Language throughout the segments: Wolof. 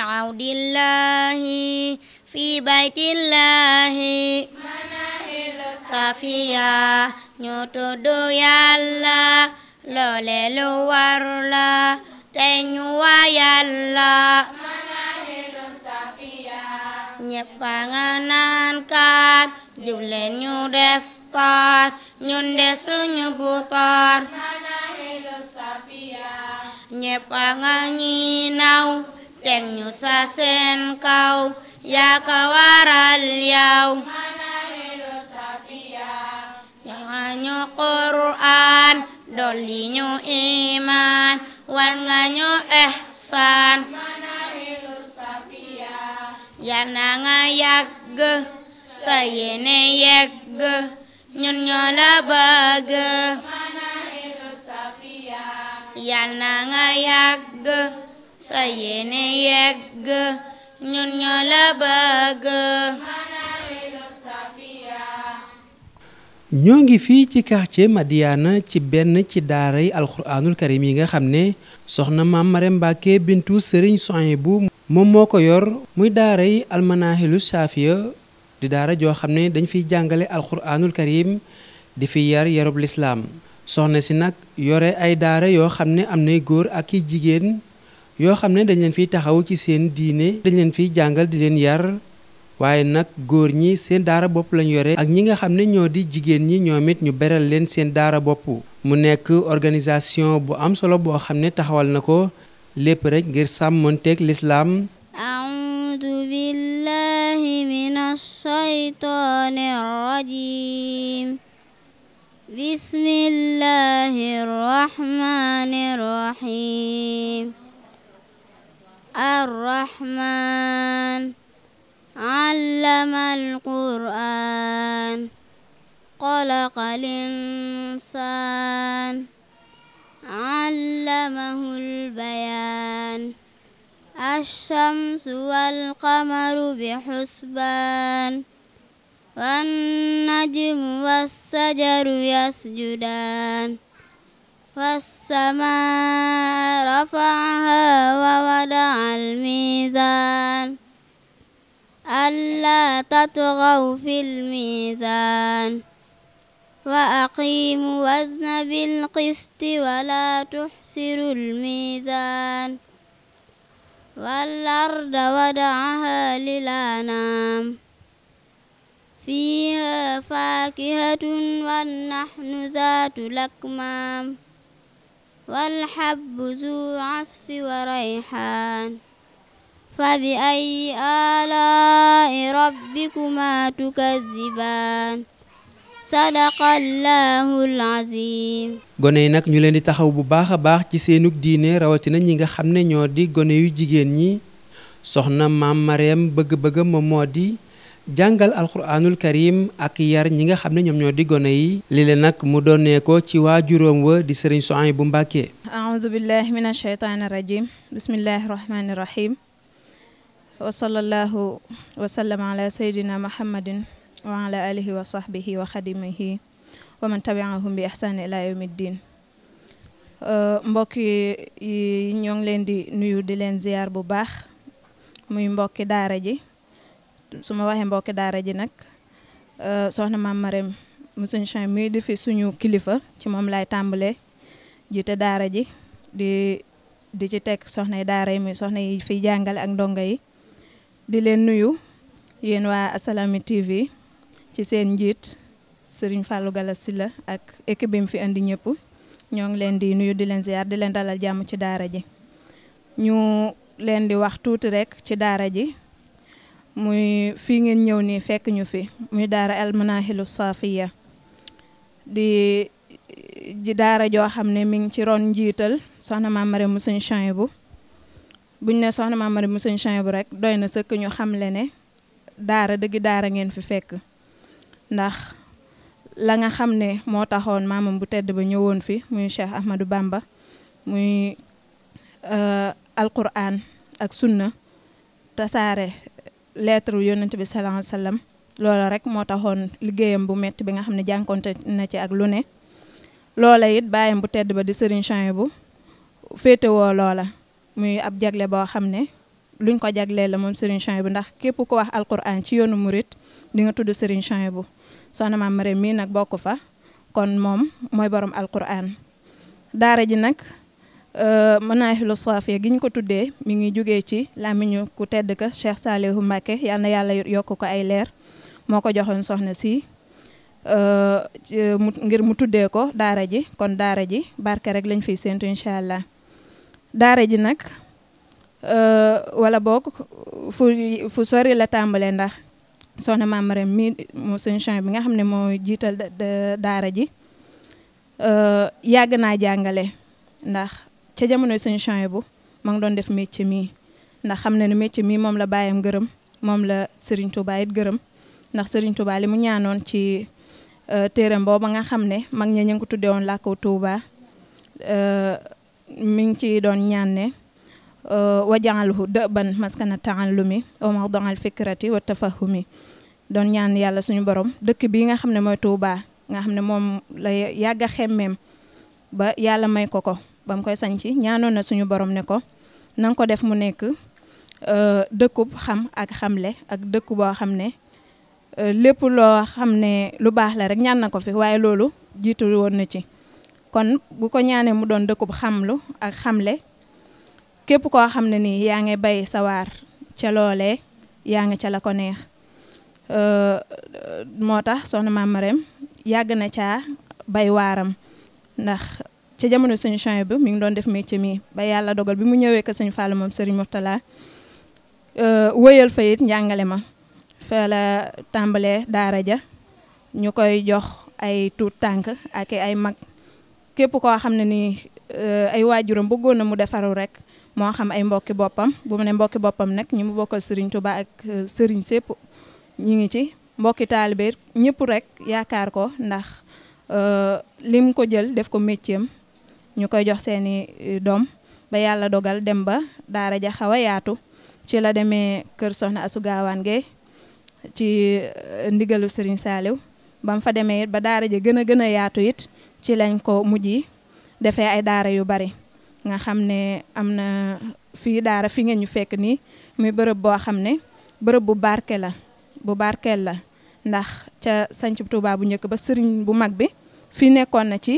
عود الله في بيت الله safiya ñu tuddu yàlla loole war la te ñu wa yàlla ñépp a nga naan kaar jubleen ñu def kaar ñun de suñu butoor ñépp a nga ñi naw teg ñu sa seen kaw yaa ka waral yaw jox ñu qur'aan dolli ñu imaan war nga ñu ihsaan yal na nga yàgg sa yéene yàgg ñun ñoo la bëgg yal na nga yàgg ñoo ngi fii ci quartier Madiana ci benn ci daara yi alxuraanul karim yi nga xam ne soxna maam Marème Mbacke bintu Serigne Souhaïbou moom moo ko yor muy daara yi almanahilu saafiya di daara joo xam ne dañ fiy jàngale alxuraanul karim di fi yar yarub lislaam soxna si nag yore ay daara yoo xam ne am nay góor ak i jigéen yoo xam ne dañ leen fiy taxaw ci seen diine dañ leen fiy jàngal di leen yar waaye nag góor ñi seen daara bopp lañu yore ak ñi nga xam ne ñoo di jigéen ñi ñoom it ñu beral leen seen daara bopp mu nekk organisation bu am solo boo xam ne taxawal na ko lépp rek ngir sàmmonteeg lislaam audu billahi min ashaytaani الرحمن علم القرآن خلق الإنسان علمه البيان الشمس والقمر بحسبان والنجم والشجر يسجدان والسماء رفعها ووضع الميزان ألا تطغوا في الميزان وأقيموا الوزن بالقسط ولا تحسروا الميزان والأرض وضعها للأنام فيها فاكهة والنخل ذات الأكمام والحب ذو عصف وريحان فبأي آلاء ربكما تكذبان sadaqallaahu al-aziim gone yi nag ñu leen di taxaw bu baax a baax ci seenug diine rawatina ñi nga xam ne ñoo di gone yu jigéen ñi soxna maam Mareem bëgg-bëgg moom moo di jàngal alxuraanul karim ak yar ñi nga xam ne ñoom ñoo di gone yi li leen mu doonee ci waa juróom wa di sëriñ Souhaïbou Mbacké aoudu billahi min asheytaani rajim bismillahi rahmani rahim wa sallallahu wa sallam ala sayyidina muhammadin wa ala wa sahbihi wa xadimihi wa man tabiahum bi ihsani ila yawmi ddin yi ñoo leen di nuyu di leen ziyaar bu baax muy mbokki daara ji su ma waxee mbokki daara ji nag euh, soxna maam Marème mu suñu champs mii di fi suñu kilifa ci moom laay tàmbalee jiite daara ji di ci teg soxna yi daara yi muy soxna yi fiy jàngale ak ndongo yi di leen nuyu yéen waa Assalaamy TV ci seen njiit Serigne Fallou Galass Sylla ak équipe bi fi andi ñëpp ñoo ngi leen di nuyu di leen ziar di leen dalal jàmm ci daara ji ñu leen di wax tuuti rek ci daara ji. muy fii ngeen ñëw nii fekk ñu fi muy daara almanahilu safiya di ji daara joo xam ne mi ngi ci ron njiital soxna maam Mareem mu sëñ bu buñ ne soxna maam Mareem mu sëñ Chouhaïbou rek doy na sëkk ñu xam le ne daara dëgg daara ngeen fi fekk ndax la nga xam ne moo taxoon maamam bu tedd ba ñëwoon fi muy Cheikh Ahmadou Bamba muy euh, alquran ak sunna tasaare lettre yonent bi sallallahu alayhi wasallam loola rek moo taxoon liggéeyam bu metti bi nga xam ne jànkonte na ci ak lu ne loola it bàyyam bu tedd ba di Serigne Souhaïbou bu féetewoo loola muy ab jagle boo xam ne luñ ko jaglee la moom Serigne Souhaïbou bu ndax képp ku wax alquran ci yoonu murit di nga tudd Serigne Souhaïbou bu soxna maam Marème mii nag bokk fa kon moom mooy borom alquran daara ji nag Euh, manaahilu saafiya gi ñu ko tuddee mi ngi jugee ci làmmiñu ku tedd ka Cheikh Salihu Mbacke yal na yàlla yokk ko ay leer moo ko joxoon soxna si euh, ngir mu tuddee ko daara ji kon daara ji barke rek lañ fiy séentu incha allah daara ji nag euh, wala boog fu fu sori la tàmbalee ndax soxna maam Maram mi mu sëñ Cheikh bi nga xam ne moo jiital daara ji yàgg naa jàngale ndax ca jamonoy sëñ Chouaïbou ma ngi doon def métier mii ndax xam na ne métier mii moom la bàyyam gërëm moom la Serigne Touba it gërëm ndax sëriñ Touba li mu ñaanoon ci euh, téeram ba nga xam ne mag ña ñu ngi ko tuddee woon làkkaw Touba euh, mi ngi ci doon ñaan ne euh, wajaxalhu dëban maskana taallumi wa mawdal fikrati wa tafahumi doon ñaan yàlla suñu borom dëkk bii nga xam ne mooy Touba nga xam ne moom la yàgg a xemmeem ba yàlla may ko ko bam koy sanc ñaanoon na suñu borom ne ko na ko def mu nekk euh, dëkkub xam ak xamle ak dëkk boo xam ne euh, lépp loo xam ne lu baax la rek ñaan na ko fi waaye loolu jiitu woon na ci kon bu ko ñaanee mu doon dëkkub lu ak xamle képp koo xam ne nii yaa ngi bay sawaar ca loolee yaa ngi ca la ko neex euh, moo tax soxna Mame Marème yàgg na caa bay waaram ndax ca jamono sëñ Chouaïb bi mi ngi doon def métier mi ba yàlla dogal bi mu ñëwee ko sëñ Fall moom sëriñ Mourtala euh, wóyal fa it njàngale ma fa la tàmbalee daara ja ñu koy jox ay tuut tànk ak ay mag képp koo xam ne nii euh, ay waajuram bëggoon na mu defaru rek moo xam ay mbokki boppam bu mu ne mbokki boppam nag ñi mu bokkal sëriñ Touba ak euh, sëriñ sépp ñi ngi ci mbokki taalibe ñëpp rek yaakaar ko ndax lim ko jël def ko métier ñu koy jox seeni eh, doom ba yàlla dogal dem ba daara ja xaw a yaatu ci la demee kër soxna Asu Gaawaan Gey ci eh, ndigalu Serigne Saliou bam fa demee it ba daara ja gën a gën a yaatu it ci lañ ko mujj defee ay daara yu bari nga xam ne am na fi daara fi ngeen ñu fekk nii muy bërëb boo xam ne bërëb bu barke la bu barkeel la ndax ca sañc Tuubaa bu njëkk ba sëriñ bu mag bi fii nekkoon na ci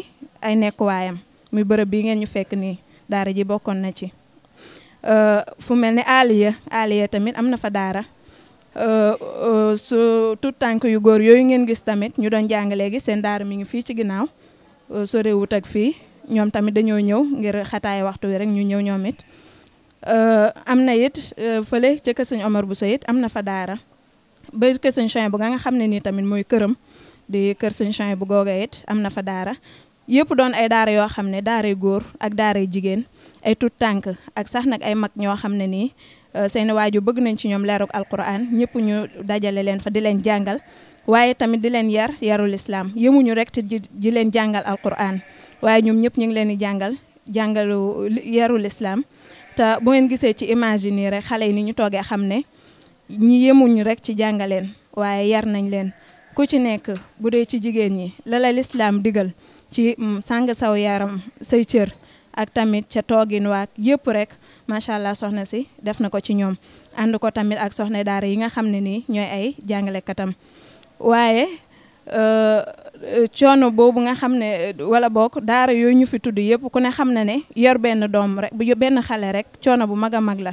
ay nekkuwaayam muy bërëb bi ngeen ñu fekk nii daara ji bokkoon na ci euh, fu mel ni Aliya Aliya tamit am na fa daara euh, euh, su tout tànk yu góor yooyu ngeen gis tamit ñu doon jàng léegi seen daara mi ngi fii ci ginnaaw sorewut ak fii ñoom tamit dañoo ñëw ngir xataay waxtu wi rek ñu ñëw ñoom it am na yit fële ca kër sëñ bu Bousso it am na fa daara ba kër sëñ Chain bu nga nga xam ne nii tamit mooy këram di kër sëñ Chain bu googa it am na fa daara yëpp doon ay daara yoo xam ne daaray góor ak daaray jigéen ay tut tànk ak sax nag ay mag ñoo xam ne nii euh, seeni waaju bëgg nañ ci ñoom leerug alquran ñëpp ñu dajale leen fa di leen jàngal waaye tamit di leen yar yarul islam yemuñu rek te di leen jàngal alquran waaye ñoom ñëpp ñu ngi leen di jàngal jàngalu yaru islam te bu ngeen gisee ci image yi nii rek xale yi ni ñu toogee xam ne ñi yemuñu rek ci jàngaleen waaye yar nañ leen ku ci nekk bu dee ci jigéen ñi la lislaam digal ci mm, sàng saw yaram say cër ak tamit ca toogin waak yëpp rek macha allah soxna si def na ko ci ñoom ànd ko tamit ak soxna daara yi nga xam ne nii ñooy ay jàngalekatam waaye euh, coono boobu nga xam ne wala boog daara yooyu ñu fi tudd yëpp ku ne xam ne ne yor benn doom rek bu benn xale rek coono bu mag a mag la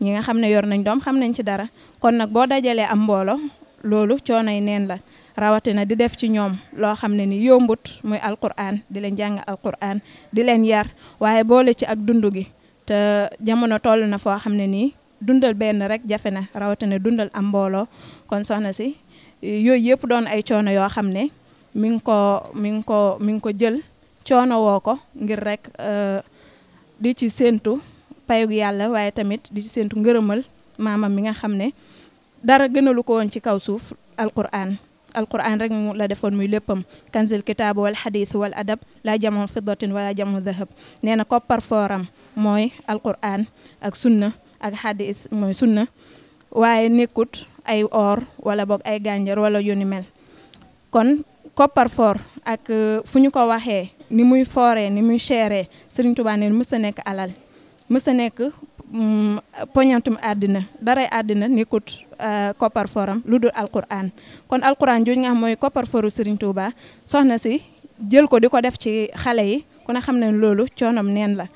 ñi nga xam ne yor nañ doom xam nañ ci dara kon nag boo dajalee am mboolo loolu coono yi neen la rawatina di def ci ñoom loo xam ne ni yombut muy alquran di leen jàng alquran di leen yar waaye boole ci ak dundu gi te jamono toll na foo xam ne nii dundal benn rek jafe na rawatina dundal am mbooloo kon soxna si yooyu yëpp doon ay coono yoo xam ne mi ngi ko mi ngi ko mi ngi ko jël coono woo ko ngir rek euh, di ci séentu payug yàlla waaye tamit di ci séentu ngërëmal maamam mi nga xam ne dara gënalu ko woon ci kaw suuf alquran alquran rek mu la defoon muy léppam kanzil kitaab wal xadis wal adab laa jamoo fiddatin wala jamoo zahab nee na koppar fooram mooy alquran ak sunna ak xadis mooy sunna waaye nekkut ay or wala boog ay gànjar wala yu ni kon koppar foor ak euh, fu ñu ko waxee ni muy fooree ni muy chere Serigne Touba neen mës nekk alal mës a nekk mm, poñantum àddina daray àddina Euh, koppar foram lu dul alquran kon alquran jooju nga xam mooy koppar foru Serigne Touba soxna si jël ko di ko def ci xale yi ku ne xam ne loolu coonom neen la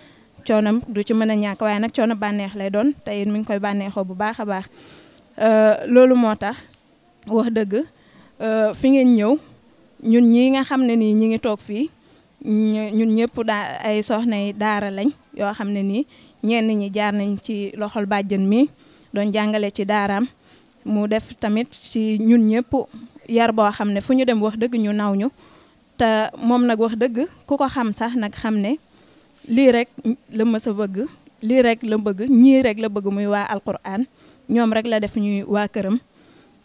coonom du ci mën a ñàkk waaye nag coono bànneex lay doon tey it mi ngi koy bànneexoo bu baax a baax euh, loolu moo tax wax dëgg euh, fi ngeen ñëw ñun ñi nga xam ne nii ñi ngi toog fii ñun ñëpp daa ay soxnay daara lañ yoo xam ne nii ñenn ñi jaar nañ ci loxol bàjjen mi doon jàngale ci daaraam mu def tamit ci ñun ñëpp yar boo xam ne fu ñu dem wax dëgg ñu naw ñu te moom nag wax dëgg ku ko xam sax nag xam ne lii rek la mësa bëgg lii rek la bëgg ñii rek la bëgg muy waa alquran ñoom rek la def ñuy waa këram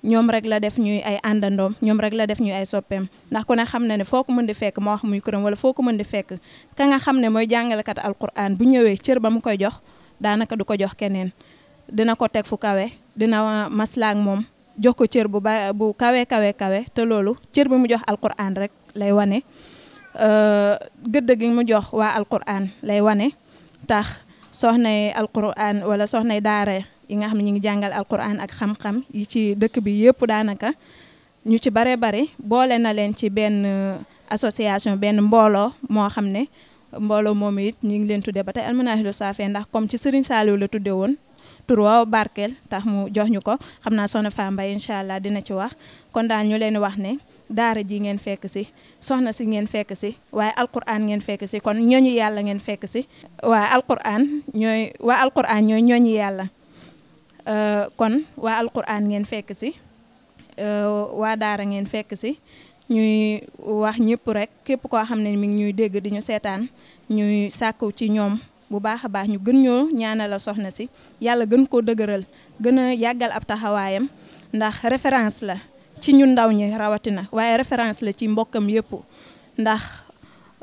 ñoom rek la def ñuy ay àndandoom ñoom rek la def ñuy ay soppeem ndax ku ne xam na ne foo ko mën di fekk moo wax muy këram wala foo ko mën di fekk ka nga xam ne mooy jàngalekat alquran bu ñëwee cër ba mu koy jox daanaka du ko jox keneen dina ko teg fu kawe dina maslaak moom jox ko cër bu ba bu kawe kawe kawe te loolu cër bi mu jox alquran rek lay wane euh, gëdd gi mu jox waa alquran lay wane tax soxnay alquran wala soxnay daara yi nga xam ne ñu ngi jàngal alquran ak xam-xam yi ci dëkk bi yëpp daanaka ñu ci bare bare boole na leen ci benn association benn mbooloo moo xam ne mbooloo moom it ñu ngi leen tuddee ba tey almanaahilu saafee ndax comme ci Serigne Saliou la tudde woon tur woowu barkeel tax mu jox ñu ko xam naa soxna Fa Mbaye incha allah dina ci wax kon daal ñu leen wax ne daara ji ngeen fekk si soxna si ngeen fekk si waaye alquran ngeen fekk si kon ñooñu yàlla ngeen fekk si waaye alquran ñooy waa alquran ñooy ñooñu yàlla euh, kon waa ngeen fekk si euh, waa daara ngeen fekk si ñuy wax ñëpp rek képp koo xam ne mi ngi ñuy dégg di ñu seetaan ñuy sàkku ci ñoom bu baax a baax ñu gën ñoo la soxna si yàlla gën koo dëgëral gën a yàggal ab taxawaayam ndax référence la ci ñu ndaw ñi rawatina waaye référence la ci mbokkam yépp ndax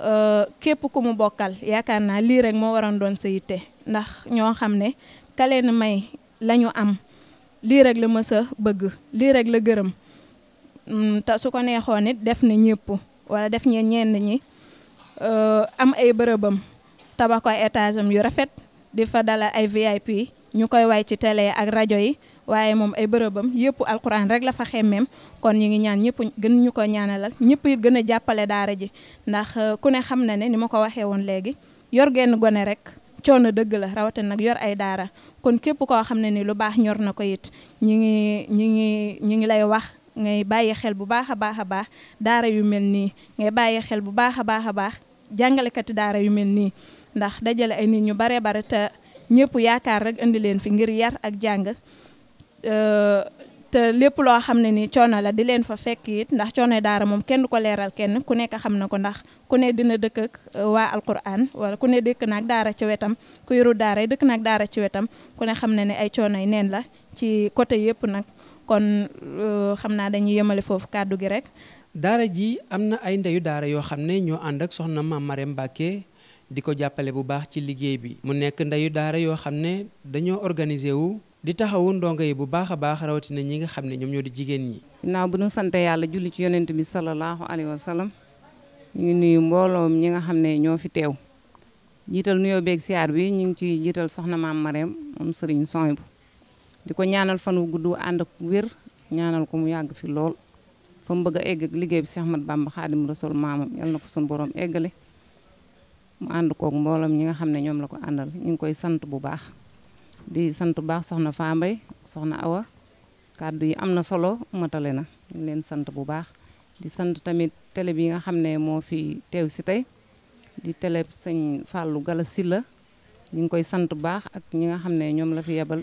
euh, képp ku mu bokkal yaakaar naa lii rek moo waroon doon sa yitte ndax ñoo xam ne kaleen may lañu am lii rek la mës bëgg lii rek la gërëm mm, te su ko neexoon nit def na ñëpp wala def ñeen ñenn ñi euh, am ay bërëbam tabax ko ay yu rafet di fa dalal ay VIP ñu koy way ci télé ak rajo yi waaye moom ay bërëbam yëpp alquran rek la fa xemmeem kon ñu ngi ñaan ñëpp gën ñu ko ñaanalal ñëpp it gën a jàppale daara ji ndax euh, ku ne xam na ne ni ma ko waxee woon léegi yor genn gone rek coono dëgg la rawate nag yor ay daara kon képp koo xam ne ni lu baax ñor na ko it ñi ngi ñi ngi ñi ngi lay wax ngay bàyyi xel bu baax a baax a baax daara yu mel nii ngay bàyyi xel bu baax a baax a baax jàngalekati daara yu mel nii ndax dajale ay nit ñu baree bare te ñëpp yaakaar rek indi leen fi ngir yar ak jàng euh, te lépp loo xam ne ni coono la di leen fa fekk it ndax coono yi daara moom kenn du ko leeral kenn ku nekk xam na ko ndax ku ne dina dëkk ak euh, waa alquran wala ku ne dëkk naag daara ci wetam ku yoru dëkk naag daara ci wetam ku ne xam na ne ay coono yi neen la ci côté yëpp nag kon euh, xam naa dañuy yemale foofu kàddu gi rek. daara ji am na ay ndeyu daara yoo xam ne ñoo ànd soxna maam Marème Mbacke di ko jàppale bu baax ci liggéey bi mu nekk ndeyu daara yoo xam ne dañoo organiser wu di taxawu ndongo yi bu baax a baax rawatina ñi nga xam ne ñoom ñoo di jigéen ñi naaw bu ñu sante yàlla julli ci yonent bi salallaahu alayhi wa sallam ñu ngi mbooloom ñi nga xam ne ñoo fi teew jiital nuyoo beek siyaar bi ñu ngi ci jiital soxna maam Mareem moom sëriñ sony bu di ko ñaanal fan wu gudd ànd ak wér ñaanal ko mu yàgg fi lool fa bëgg a egg ak liggéey bi Seex Ahmad Bamba Xaadim Rasul maamam na ko suñu borom eggale mu ànd kook mbooloom ñi nga xam ne ñoom la ko àndal ñu ngi koy sant bu baax di sant bu baax soxna Faambay soxna Awa kàddu yi am na solo matale na sant bu baax di sant tamit télé bi nga xam ne moo fi teew si tey di télé sëñ Fallou Gala Silla ñu ngi koy sant bu baax ak ñi nga xam ne ñoom la fi yebal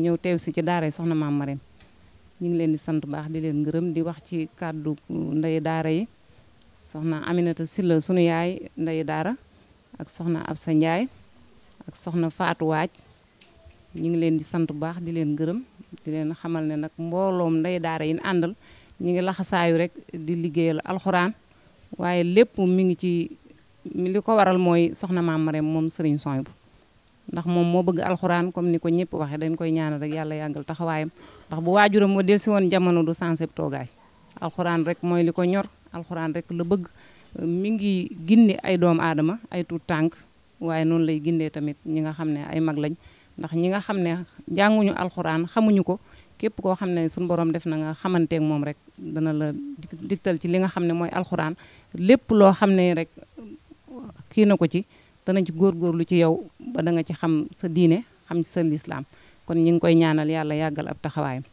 ñëw teew si ci daara soxna maam Marème ñu ngi leen di sant bu baax di leen gërëm di wax ci kàddu nday daara yi soxna Aminata Silla sunu yaay ndey daara ak soxna Absa Ndiaye ak soxna Fatou Waaj ñu ngi leen di sant bu baax di leen gërëm di leen xamal ne nag mbooloom ndey daara yi ñu àndal ñu ngi laxasaayu rek di liggéeyal alxuraan waaye lépp mi ngi ci li ko waral mooy soxna maam Marème moom sëriñ sooy ndax moom moo bëgg alxuraan comme ni ko ñëpp waxee dañ koy ñaana rek yàlla yàggal taxawaayam ndax bu waajuram moo delsi woon jamono du sensé toogaay alxuraan rek mooy li ko ñor alxuraan rek la bëgg mu ngi gindi ay doomu aadama ay tuut tànk waaye noonu lay gindee tamit ñi nga xam ne ay mag lañ ndax ñi nga xam ne jànguñu alxuraan xamuñu ko képp koo xam ne suñu borom def na nga xamanteeg moom rek dana la digtal ci li nga xam ne mooy alxuraan lépp loo xam ne rek kii na ko ci dana ci góor góorgóorlu ci yow ba da nga ci xam sa diine xam ci sa lislaam kon ñi ngi koy ñaanal yàlla yàggal ab taxawaayam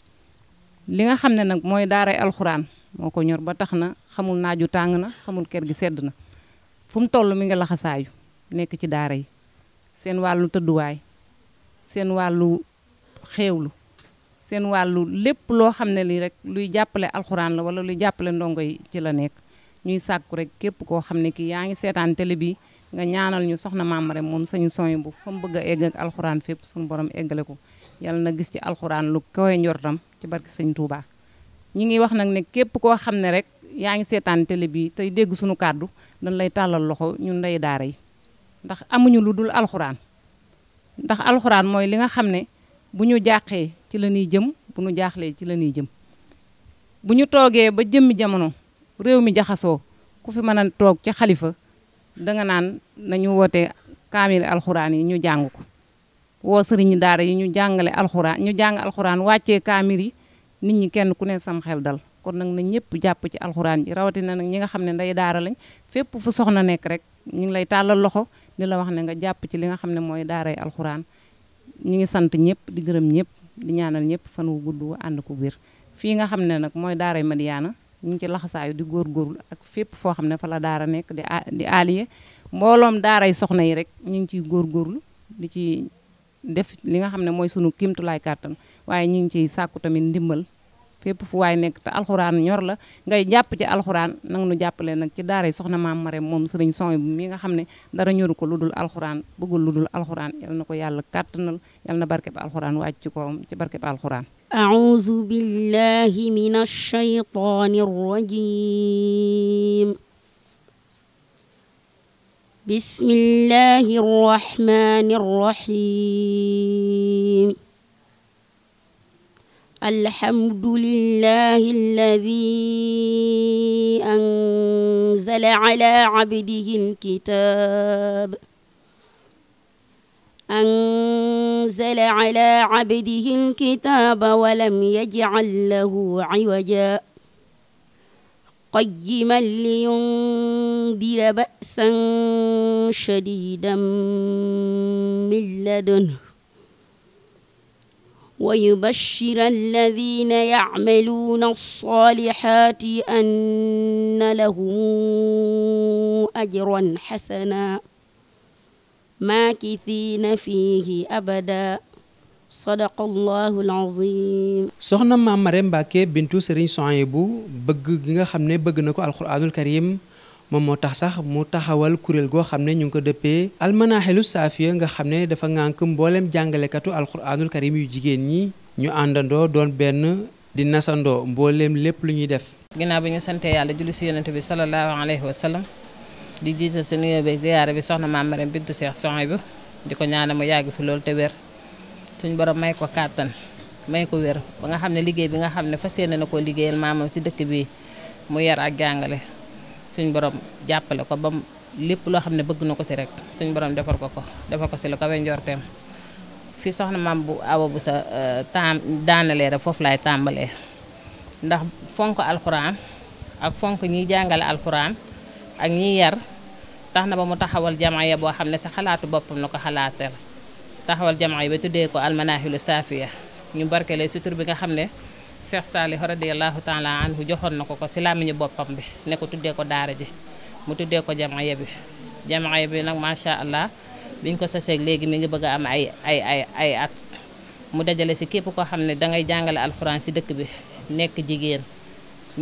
li nga xam ne nag mooy daaray alxuraan moo ko ñor ba tax na xamul naaju tàng na xamul kër gi sedd na fu mu toll mi nga laxasaayu nekk ci daara yi seen wàllu tëdduwaay seen wàllu xeewlu seen wàllu lépp loo xam ne lii rek luy jàppale alxuraan la wala luy jàppale ndongo yi ci la nekk ñuy sàkku rek képp koo xam ne kii yaa ngi seetaan télé bi nga ñaanal ñu soxna maam rek moom sañu sooy bu fa mu bëgg a egg ak alxuraan fépp suñu borom eggale ko yal na gis ci alxuraan lu koy njortam ci barki sëñ Tuubaa ñi ngi wax nag ne képp koo xam ne rek yaa ngi seetaan télé bii tey dégg suñu kàddu dañ lay tàllal loxo ñu ndey daara yi ndax amuñu lu dul alxuraan ndax alxuraan mooy li nga xam ne bu ñu jàqee ci la ñuy jëm bu ñu ci la ñuy jëm bu ñu toogee ba jëmmi jamono réew mi jaxasoo ku fi mën a toog ci xalifa danga naan nañu woote kaamil alxuraan yi ñu jàng ko woo sëriñ daara yi ñu jàngale alxuraan ñu jàng alxuraan wàccee kaamil yi nit ñi kenn ku ne sam xel dal kon nag na ñëpp jàpp ci alxuraan ji rawatina nag ñi nga xam ne nday daara lañ fépp fu soxna nekk rek ñu ngi lay tàllal loxo di la wax ne nga jàpp ci li nga xam ne mooy daaray alxuraan ñu ngi sant ñëpp di gërëm ñëpp di ñaanal ñëpp fan gudd ànd ko wér fii nga xam ne nag mooy daaray Madiyana ñu ngi ci laxasaayu di góorgóorlu ak fépp foo xam ne fa la daara nekk di di aaliye mbooloom daaray soxna yi rek ñu ngi ciy góorgóorlu di ci def li nga xam ne mooy sunu kimtulaay kàttan waaye ñu ngi ciy sàkku tamit ndimbal fépp fu waay nekk te alxuraan ñor la ngay jàpp ci alxuraan nang nu jàppale nag ci daara soxna maam mare moom sëriñ son bu mi nga xam ne dara ñoru ko lu dul alxuraan bëggul lu dul alxuraan yal na ko yàlla kàttanal yal na barkeb alxuraan wàcc ci kawam ci barkeb alxuraan أعوذ بالله من الشيطان الحمد لله الذي أنزل على عبده الكتاب أنزل على عبده الكتاب ولم يجعل له عوجا قيما لينذر بأسا شديدا من لدنه ويبشر الذين يعملون الصالحات أن لهم أجرا حسنا ماكثين فيه أبدا sadaqallahu alazim soxna maam Marème Mbacke bintu Serigne Souhaïbou bëgg gi nga xam ne bëgg na ko alxuraanul karim moom moo tax sax mu taxawal kuréel goo xam ne ñu ngi ko dëppee almanaaxelu saafiya nga xam ne dafa ngànk mbooleem jàngalekatu alxuraanul karim yu jigéen ñi ñu àndandoo doon benn di nasandoo mboolem lépp lu ñuy def. ginnaaw bi ñu sante yàlla julli si yonent bi salallaahu alayhi wa di jiital si nuyoo bi ziyaara bi soxna maam Maram bintu Seex Sohaybu di ko ñaanal mu yàgg fi lool te wér suñ borom may ko kàttan may ko wér ba nga xam ne liggéey bi nga xam ne fas yéene na koo liggéeyal maamam si dëkk bi mu yar ak jàngale. suñ borom jàppale ko ba mu lépp loo xam ne bëgg na ko si rek suñ boroom defar ko ko defal ko si lu kawe njorteem fi soxna maam bu awa bu sa euh, taam daanalee rek foofu laay tàmbalee ndax fonk alxuraan ak fonk ñiy jàngale alxuraan ak ñiy yar tax na ba mu taxawal jamaaya boo xam ne si xalaatu boppam na ko xalaatal taxawal jamaaya ba tuddee ko almanaahilu saafiya ñu barkelee sutur bi nga xam ne Cheikh Saalih radiyallahu taala anhu joxoon na ko ko si làmmiñu boppam bi nekk tuddee ko daara ji mu tuddee ko jamaaya bi jamaaya bi nag macha allah biñ ko soseeg léegi mi ngi bëgg a am ay ay ay ay at mu dajale si képp koo xam ne dangay jàngale alxuraan si dëkk bi nekk jigéen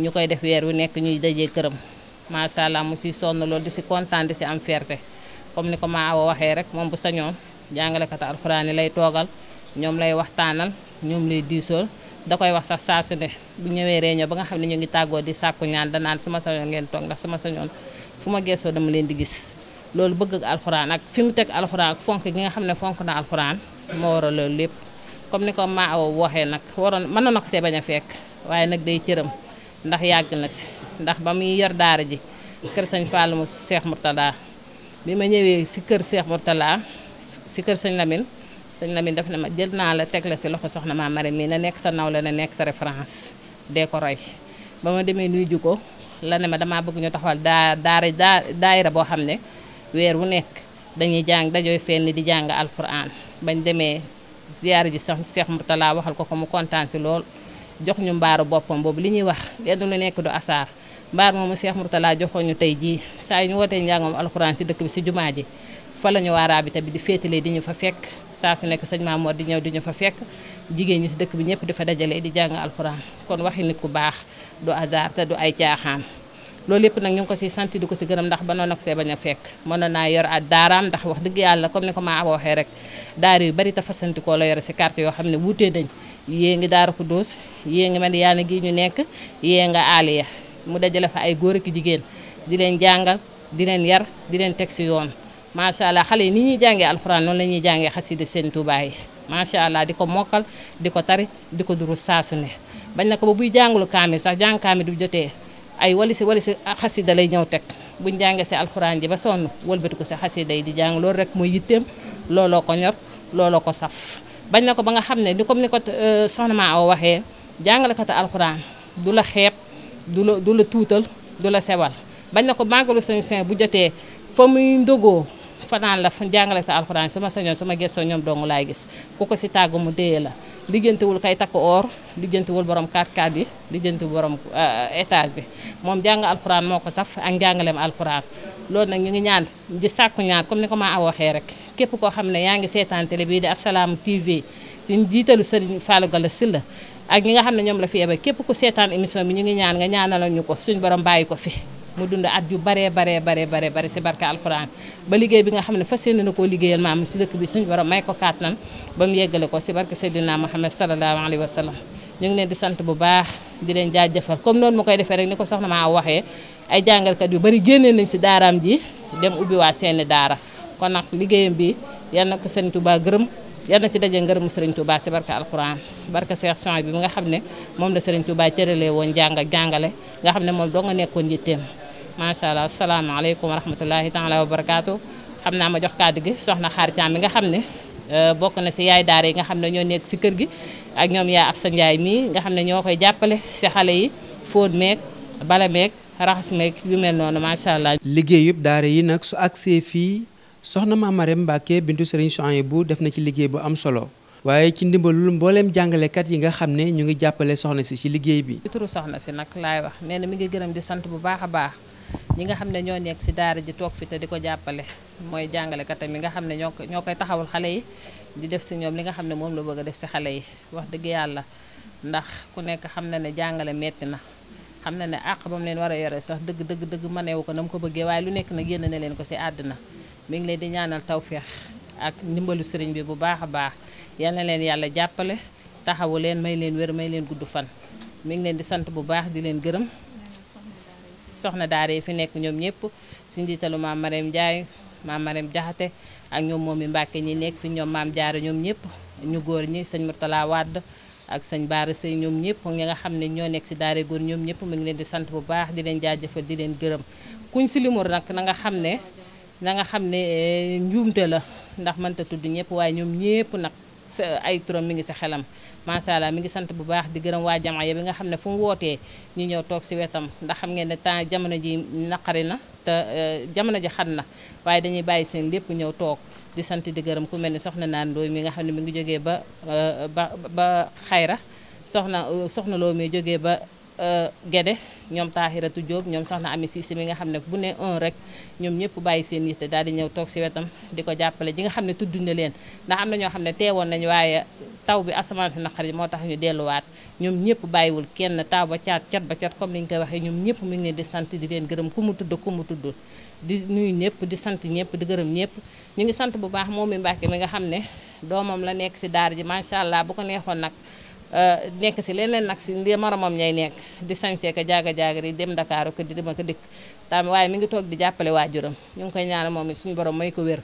ñu koy def weer wi nekk ñuy dajee këram macha allah mu si sonn lool di si kontaan di si am fierté comme ni ko ma awa waxee rek moom bu sañoon jàngalekata alxuraan yi lay toogal ñoom lay da koy wax sax saa su ne bu ñëwee réunion ba nga xam ne ñu ngi tàggoo di sàkku ñaan danaan su ma sañoon ngeen toog ndax su ma sañoon fu ma geesoo dama leen di gis loolu bëgg alxuraan ak fi mu teg alxuraan ak fonk gi nga xam ne fonk na alxuraan moo waral loolu lépp comme ni ko maa aw waxee nag waroon mën na ko see bañ a fekk waaye nag day cëram ndax yàgg na si ndax ba muy yor daara ji kër sëñ Fallou mu Cheikh bi ma ñëwee si kër Cheikh Mourtala si kër sëñ Lamine sëñ mi def na ma jël naa la teg la si loxo soxna maam Maram mii na nekk sa naw la nekk sa référence dee ko roy ba ma demee nuy ju ko la ne ma damaa bëgg ñu taxawal daa daa daara daayira boo xam ne weer wu nekk dañuy jàng dajooy fenn di jàng alquran bañ demee ziyaar ji sax Cheikh Mourtala waxal ko ko mu kontaan si lool jox ñu mbaaru boppam boobu li ñuy wax lenn lu nekk du asaar mbaar moomu Cheikh Mourtala joxoon ñu tey jii saa yu ñu wootee njàngam alquran si dëkk bi si jumaa ji fa la ñu waa Rabita bi di féetale di ñu fa fekk saa su nekk sëñ Mamoor di ñëw di ñu fa fekk jigéen ñi si dëkk bi ñëpp di fa dajale di jàng alxuraan kon waxi nit ku baax du hasard te du ay caaxaan loolu yëpp nag ñu ngi ko si sant di ko si gërëm ndax ba noonu ak see bañ a fekk mën naa yor ak daaraam wax dëgg yàlla comme ni ko maa waxee rek daara yu bari te fasantikoo la yore si carte yoo xam ne wuutee nañ yée ngi daara ko dóos yée ngi man yaana gi ñu nekk yée nga aaliya mu dajale fa ay góor ak jigéen di leen jàngal di leen yar di leen teg si yoon macha allah xale yi ni ñuy jàngee alxuraan noonu la ñuy jàngee xasida seen Tuubaa yi macha allah di ko mokkal di ko tari di ko duru saasu ne bañ na ko ba buy jàngalu kaamil sax jàng kaamil du jotee ay walisi walisi xasida lay ñëw teg buñ jàngee si alxuraan ji ba sonn wëlbati ko si xasida yi di jàng loolu rek mooy yitteem looloo ko ñor looloo ko saf bañ na ko ba nga xam ne ni comme ni ko euh, soxna ma aw waxee jàngale jàngalekatu alxuraan du la xeeb du la du la tuutal du la sewal bañ na ko màggalu sañ sañ bu jotee fa muy ndogoo fanaan la fu jàngale sa alxuraan sama sañoon sama gestoo ñoom dong laay gis ku ko si tàgg mu déye la lijjantiwul kay takk or lijjantiwul borom 4x4 yi lijjantiwul borom euh, étage yi moom jàng alxuraan moo ko saf ak njàngaleem alxuraan loolu nag ñu ngi ñaan di sàkku ñaan comme ni ko maa waxee rek képp koo xam ne yaa ngi seetaan télé bii di Assalaamy TV si jiitalu Serigne Fallou Gala Sylla ak ñi nga xam ne ñoom la fi yebal képp ku seetaan émission bi ñu ngi ñaan nga ñaanal ñu ko suñu borom bàyyi ko fi mu dund at yu baree baree baree baree bare si barke alxuraan ba liggéey bi nga xam ne fas yéene na koo liggéeyal maam si dëkk bi suñu borom may ko kàttan ba mu yeggale ko si barke Seydina Muhammad sallallahu alayhi wa sallam ñu ngi leen di sant bu baax di leen jaajëfal comme noonu ma koy defee rek ni ko soxna maa waxee ay jàngalkat yu bari génnee nañ si daaraam ji dem ubbi waa seeni daara kon nag liggéeyam bi yal na ko Sëriñ Tuubaa gërëm yal na ci daje ngërëmu Serigne Touba ci barka alquran barka Cheikh Sang bi nga xam ne moom la Serigne Touba cëralee woon jàng jàngale nga xam ne moom doo nga nekkoon yitteem macha allah salaamaaleykum wa rahmatulahi taala wa barakaatu xam naa ma jox kàddu gi soxna xaaritaam bi nga xam ne euh, bokk na si yaay daara yi nga xam ne ñoo nekk ci kër gi ak ñoom yaa ak sa njaay mii nga xam ne ñoo koy jàppale si xale yi fóot meeg bala meeg raxas meeg yu mel noonu macha allah. liggéeyub daara yi nag su àgsee fii. soxna Maam Marème Mbacke bintu Serigne Souhaïbou def na ci liggéey bu am solo waaye ci ndimbalul mbooleem jàngalekat yi nga xam ne ñu ngi jàppale soxna si ci liggéey bi. turu soxna si nag laay wax nee na mi ngi gërëm di sant bu baax a baax ñi nga xam ñoo nekk si daara ji toog fi te di ko jàppale mooy jàngalekat yi nga xam ne ñoo ko ñoo koy taxawul xale yi di def si ñoom li nga xam ne moom loo bëgg a def si xale yi wax dëgg yàlla ndax ku nekk xam na ne jàngale metti na. xam na ne àq ba mu leen war a yore sax dëgg dëgg dëgg manewu ko na mu ko bëggee waaye lu nekk na yéene ne leen ko si àddina mi ngi leen di ñaanal tawféex ak ndimbalu sëriñ bi bu baax a baax yal na leen yàlla jàppale taxawu leen may leen wér may leen gudd fan mi ngi leen di sant bu baax di leen gërëm soxna daara yi fi nekk ñoom ñëpp si njiitalu maam Marème Ndiaye maam Jaxate ak ñoom moom mi Mbàkke ñi nekk fi ñoom maam jaara ñoom ñëpp ñu góor ñi sëñ Murtala Wàdd ak sëñ Baara Sëy ñoom ñëpp ñi nga xam ne ñoo nekk si daara góor ñoom ñëpp mi ngi leen di sant bu baax di leen jaajëfal di leen gërëm kuñ si limur nag na nga xam ne na nga xam ne eh, njuumte la ndax mënta tudd ñëpp waaye ñoom ñëpp nag ay turam mi ngi si xelam macha allah mi ngi sant bu baax di gërëm waa jamaaya bi nga xam ne fu mu wootee ñu ñëw toog si wetam ndax xam ne temps jamono ji naqari na te eh, jamono ji xat na waaye dañuy bàyyi seen lépp ñëw toog di sant di gërëm ku mel ni soxna naan ndooy mi nga xam ne mu ngi jógee ba eh, ba ba xayra soxna soxna loo mi jógee ba Gede ñoom Tahiratu Diop ñoom soxna Ami Cissé mi nga xam ne bu ne un rek ñoom ñëpp bàyyi seen yitte daal di ñëw toog si wetam di ko jàppale ji nga xam ne tudd na leen ndax am na ñoo xam ne teewoon nañu waaye taw bi asamaan si naqari moo tax ñu delluwaat ñoom ñëpp bàyyiwul kenn taw ba caat cat ba cat comme ni ñu koy waxee ñoom ñëpp mu ngi leen di sant di leen gërëm ku mu tudd ku mu tudd di nuyu ñëpp di sant ñëpp di gërëm ñëpp ñu ngi sant bu baax moom mi Mbàkke mi nga xam ne doomam la nekk si daara ji macha allah bu ko neexoon nag Eh, nekk si leneen nag si li moromam ñay nekk di sañsee ka jaaga jaaga di dem Dakar ko di dem ko dikk tam waaye mi ngi toog di jàppale waajuram ñu ngi koy ñaanal moom it suñu borom may ko wér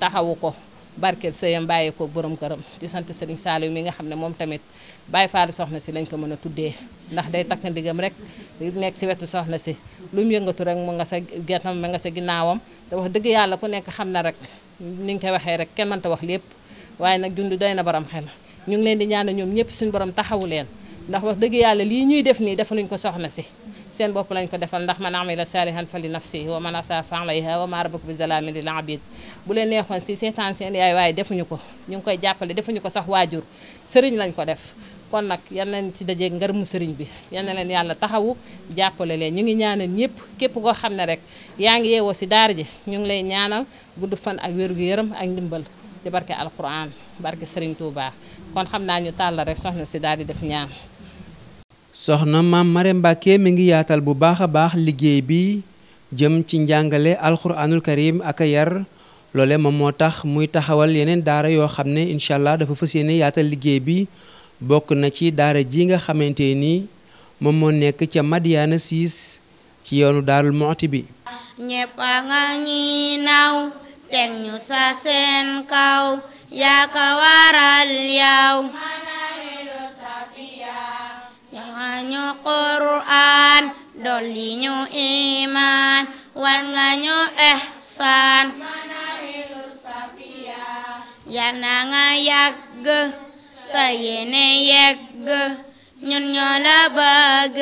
taxawu ko barkeel sëyam bàyyi ko borom këram di sant Serigne Saliou mi nga xam ne moom tamit bàyyi faali soxna si lañ ko mën a tuddee ndax day takk ndigam rek nekk si wetu soxna si lu mu yëngatu rek mu nga sa gertam mu nga sa ginnaawam te wax dëgg yàlla ku nekk xam na rek ni ñu koy waxee rek kenn mënta wax lépp waaye nag jund doy na borom xel ñu ngi leen di ñaanal ñoom ñëpp suñu borom taxawu leen ndax wax dëgg yàlla lii ñuy def nii defaluñ ko soxna si seen bopp lañ ko defal ndax man amila saalihan fa li nafsi wa man asaa fa alayha wa ma rabbuka bi zalaamin lil abid bu leen neexoon si seetaan seen yaay waaye defuñu ko ñu ngi koy jàppale defuñu ko sax waajur sëriñ lañ ko def kon nag yal nañ ci dajeeg ngërëmu sëriñ bi yal na leen yàlla taxawu jàppale leen ñu ngi ñaanal ñëpp képp koo xam ne rek yaa ngi yeewoo si daar ji ñu ngi lay ñaanal gudd fan ak wér gu yaram ak ndimbal ci barke alquran barke sëriñ Touba kon xam naa ñu soxna si daal di def ñaan soxna maam Mare Mbàkke mi ngi yaatal bu baax a baax liggéey bi jëm ci njàngale alxuraanul karim ak yar loole moom moo tax muy taxawal yeneen daara yoo xam ne incha allah dafa fas yéene yaatal liggéey bi bokk na ci daara ji nga xamante ni moom moo nekk ca Madiana 6 ci yoonu Daarul Muxti bi ñépp nga ñi naw teg ñu sa seen kaw yaa yaw waral yow jox ñu qur'aan dolli ñu imaan war nga ñu ihsaan yal na nga yàgg sa yéene yàgg ñun ñoo la bëgg